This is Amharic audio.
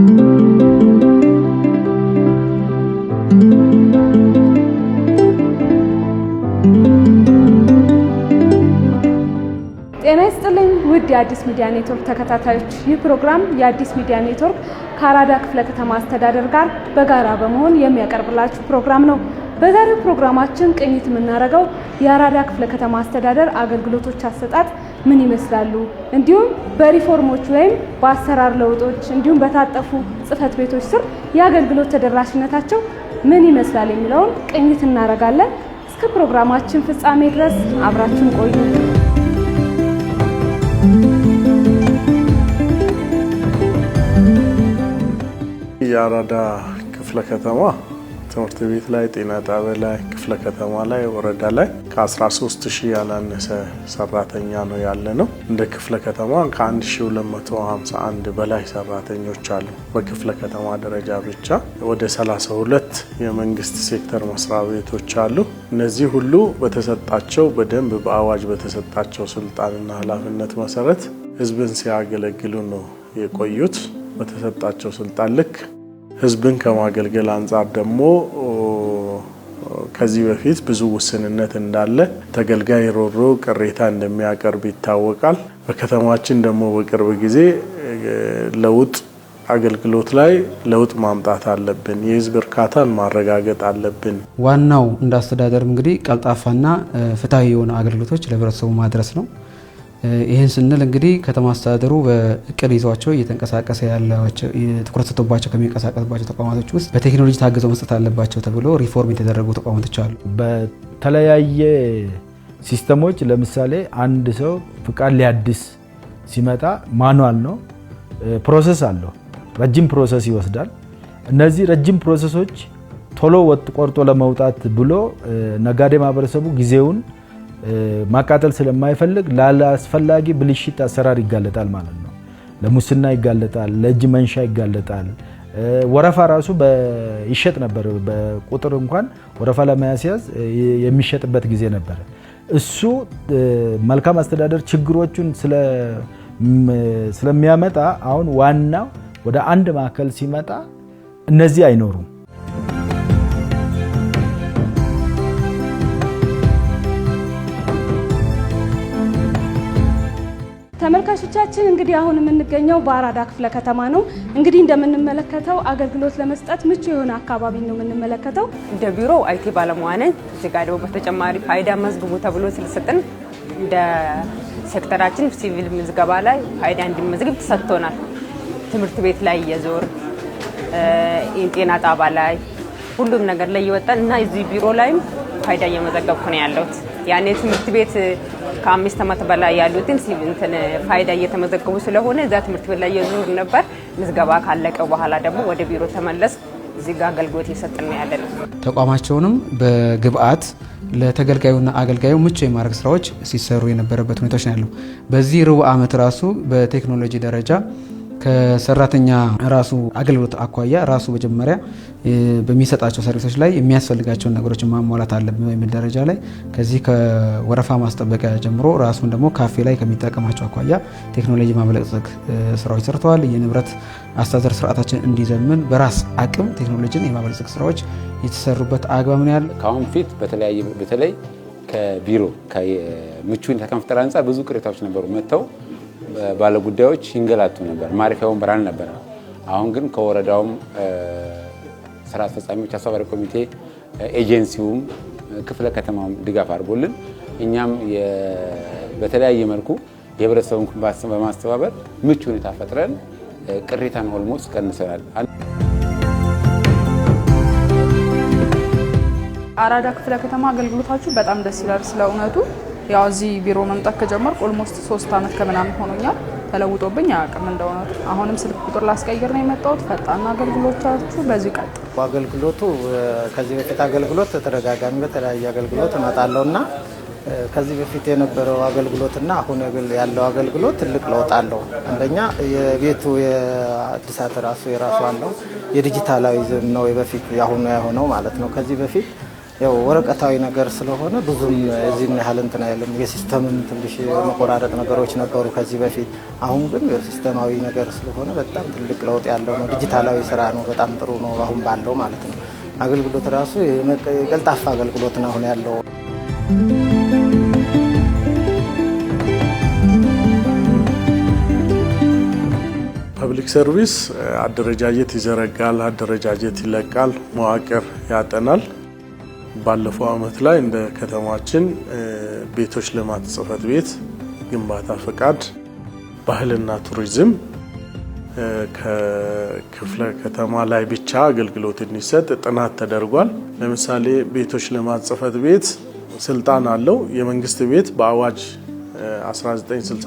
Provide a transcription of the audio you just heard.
ጤና ይስጥልኝ ውድ የአዲስ ሚዲያ ኔትወርክ ተከታታዮች፣ ይህ ፕሮግራም የአዲስ ሚዲያ ኔትወርክ ከአራዳ ክፍለ ከተማ አስተዳደር ጋር በጋራ በመሆን የሚያቀርብላችሁ ፕሮግራም ነው። በዛሬው ፕሮግራማችን ቅኝት የምናደርገው የአራዳ ክፍለ ከተማ አስተዳደር አገልግሎቶች አሰጣጥ ምን ይመስላሉ፣ እንዲሁም በሪፎርሞች ወይም በአሰራር ለውጦች እንዲሁም በታጠፉ ጽህፈት ቤቶች ስር የአገልግሎት ተደራሽነታቸው ምን ይመስላል የሚለውን ቅኝት እናደርጋለን። እስከ ፕሮግራማችን ፍጻሜ ድረስ አብራችን ቆዩ። የአራዳ ክፍለ ከተማ ትምህርት ቤት ላይ፣ ጤና ጣቢያ ላይ፣ ክፍለ ከተማ ላይ፣ ወረዳ ላይ ከ13 ሺህ ያላነሰ ሰራተኛ ነው ያለ ነው። እንደ ክፍለ ከተማ ከ1251 በላይ ሰራተኞች አሉ። በክፍለ ከተማ ደረጃ ብቻ ወደ 32 የመንግስት ሴክተር መስሪያ ቤቶች አሉ። እነዚህ ሁሉ በተሰጣቸው በደንብ በአዋጅ በተሰጣቸው ስልጣንና ኃላፊነት መሰረት ህዝብን ሲያገለግሉ ነው የቆዩት። በተሰጣቸው ስልጣን ልክ ህዝብን ከማገልገል አንጻር ደግሞ ከዚህ በፊት ብዙ ውስንነት እንዳለ ተገልጋይ ሮሮ ቅሬታ እንደሚያቀርብ ይታወቃል። በከተማችን ደግሞ በቅርብ ጊዜ ለውጥ አገልግሎት ላይ ለውጥ ማምጣት አለብን። የህዝብ እርካታን ማረጋገጥ አለብን። ዋናው እንደ አስተዳደርም እንግዲህ ቀልጣፋና ፍትሐዊ የሆነ አገልግሎቶች ለህብረተሰቡ ማድረስ ነው። ይህን ስንል እንግዲህ ከተማ አስተዳደሩ በእቅድ ይዟቸው እየተንቀሳቀሰ ያላቸው ትኩረት ሰጥቶባቸው ከሚንቀሳቀስባቸው ተቋማቶች ውስጥ በቴክኖሎጂ ታግዘው መስጠት አለባቸው ተብሎ ሪፎርም የተደረጉ ተቋማቶች አሉ። በተለያየ ሲስተሞች ለምሳሌ አንድ ሰው ፍቃድ ሊያድስ ሲመጣ ማኑዋል ነው፣ ፕሮሰስ አለው፣ ረጅም ፕሮሰስ ይወስዳል። እነዚህ ረጅም ፕሮሰሶች ቶሎ ወጥ ቆርጦ ለመውጣት ብሎ ነጋዴ ማህበረሰቡ ጊዜውን ማቃጠል ስለማይፈልግ ላላስፈላጊ ብልሽት አሰራር ይጋለጣል ማለት ነው። ለሙስና ይጋለጣል፣ ለእጅ መንሻ ይጋለጣል። ወረፋ ራሱ ይሸጥ ነበር። በቁጥር እንኳን ወረፋ ለማያስያዝ የሚሸጥበት ጊዜ ነበረ። እሱ መልካም አስተዳደር ችግሮቹን ስለሚያመጣ አሁን ዋናው ወደ አንድ ማዕከል ሲመጣ እነዚህ አይኖሩም። ተመልካቾቻችን እንግዲህ አሁን የምንገኘው በአራዳ ክፍለ ከተማ ነው። እንግዲህ እንደምንመለከተው አገልግሎት ለመስጠት ምቹ የሆነ አካባቢ ነው የምንመለከተው። እንደ ቢሮ አይቲ ባለሙያ ነን። እዚህ ጋር ደግሞ በተጨማሪ ፋይዳ መዝግቡ ተብሎ ስለሰጠን እንደ ሴክተራችን ሲቪል ምዝገባ ላይ ፋይዳ እንዲመዝግብ ተሰጥቶናል። ትምህርት ቤት ላይ እየዞር ጤና ጣባ ላይ ሁሉም ነገር ላይ እየወጣን እና እዚህ ቢሮ ላይም ፋይዳ እየመዘገብኩ ነው ያለሁት። ያኔ ትምህርት ቤት ከአምስት ዓመት በላይ ያሉትን እንትን ፋይዳ እየተመዘገቡ ስለሆነ እዛ ትምህርት ቤት ላይ የዙር ነበር። ምዝገባ ካለቀ በኋላ ደግሞ ወደ ቢሮ ተመለስ። እዚህ ጋር አገልግሎት እየሰጠን ነው ያለ ነው። ተቋማቸውንም በግብአት ለተገልጋዩና አገልጋዩ ምቹ የማድረግ ስራዎች ሲሰሩ የነበረበት ሁኔታዎች ነው ያለው። በዚህ ሩብ ዓመት ራሱ በቴክኖሎጂ ደረጃ ከሰራተኛ ራሱ አገልግሎት አኳያ ራሱ መጀመሪያ በሚሰጣቸው ሰርቪሶች ላይ የሚያስፈልጋቸውን ነገሮች ማሟላት አለብን በሚል ደረጃ ላይ ከዚህ ከወረፋ ማስጠበቂያ ጀምሮ ራሱን ደግሞ ካፌ ላይ ከሚጠቀማቸው አኳያ ቴክኖሎጂ ማበለጸግ ስራዎች ሰርተዋል። የንብረት አስተዳደር ስርዓታችን እንዲዘምን በራስ አቅም ቴክኖሎጂን የማበለጸግ ስራዎች የተሰሩበት አግባብ ነው ያለ ከአሁን ፊት በተለያየ በተለይ ከቢሮ ምቹ ሁኔታ ከመፍጠር አንጻር ብዙ ቅሬታዎች ነበሩ መጥተው ባለጉዳዮች ይንገላቱ ነበር። ማረፊያ ብራን አልነበረ። አሁን ግን ከወረዳውም ስራ አስፈጻሚዎች፣ አስተባባሪ ኮሚቴ፣ ኤጀንሲውም ክፍለ ከተማውም ድጋፍ አድርጎልን እኛም በተለያየ መልኩ የህብረተሰቡን በማስተባበር ምቹ ሁኔታ ፈጥረን ቅሬታን ኦልሞስት ቀንሰናል። አራዳ ክፍለ ከተማ አገልግሎታችሁ በጣም ደስ ይላል። ስለ እውነቱ ያው እዚህ ቢሮ መምጣት ከጀመርኩ ኦልሞስት ሶስት አመት ከምናምን ሆኖኛል። ተለውጦብኝ አያውቅም። እንደሆነ አሁንም ስልክ ቁጥር ላስቀይር ነው የመጣሁት። ፈጣን አገልግሎቻችሁ በዚህ ቀጥ አገልግሎቱ ከዚህ በፊት አገልግሎት ተደጋጋሚ በተለያየ አገልግሎት እመጣለሁ እና ከዚህ በፊት የነበረው አገልግሎትና አሁን ያለው አገልግሎት ትልቅ ለውጥ አለው። አንደኛ የቤቱ የአዲሳት ራሱ የራሱ አለው የዲጂታላዊ ዝም ነው የበፊት የአሁኑ የሆነው ማለት ነው ከዚህ በፊት ያው ወረቀታዊ ነገር ስለሆነ ብዙም እዚህን ያህል እንትን አይልም። የሲስተምም ትንሽ መቆራረጥ ነገሮች ነበሩ ከዚህ በፊት። አሁን ግን ሲስተማዊ ነገር ስለሆነ በጣም ትልቅ ለውጥ ያለው ነው። ዲጂታላዊ ስራ ነው። በጣም ጥሩ ነው፣ አሁን ባለው ማለት ነው። አገልግሎት ራሱ ቀልጣፋ አገልግሎት ነው አሁን ያለው። ፐብሊክ ሰርቪስ አደረጃጀት ይዘረጋል፣ አደረጃጀት ይለቃል፣ መዋቅር ያጠናል። ባለፈው አመት ላይ እንደ ከተማችን ቤቶች ልማት ጽፈት ቤት ግንባታ ፈቃድ ባህልና ቱሪዝም ከክፍለ ከተማ ላይ ብቻ አገልግሎት እንዲሰጥ ጥናት ተደርጓል። ለምሳሌ ቤቶች ልማት ጽፈት ቤት ስልጣን አለው። የመንግስት ቤት በአዋጅ 1960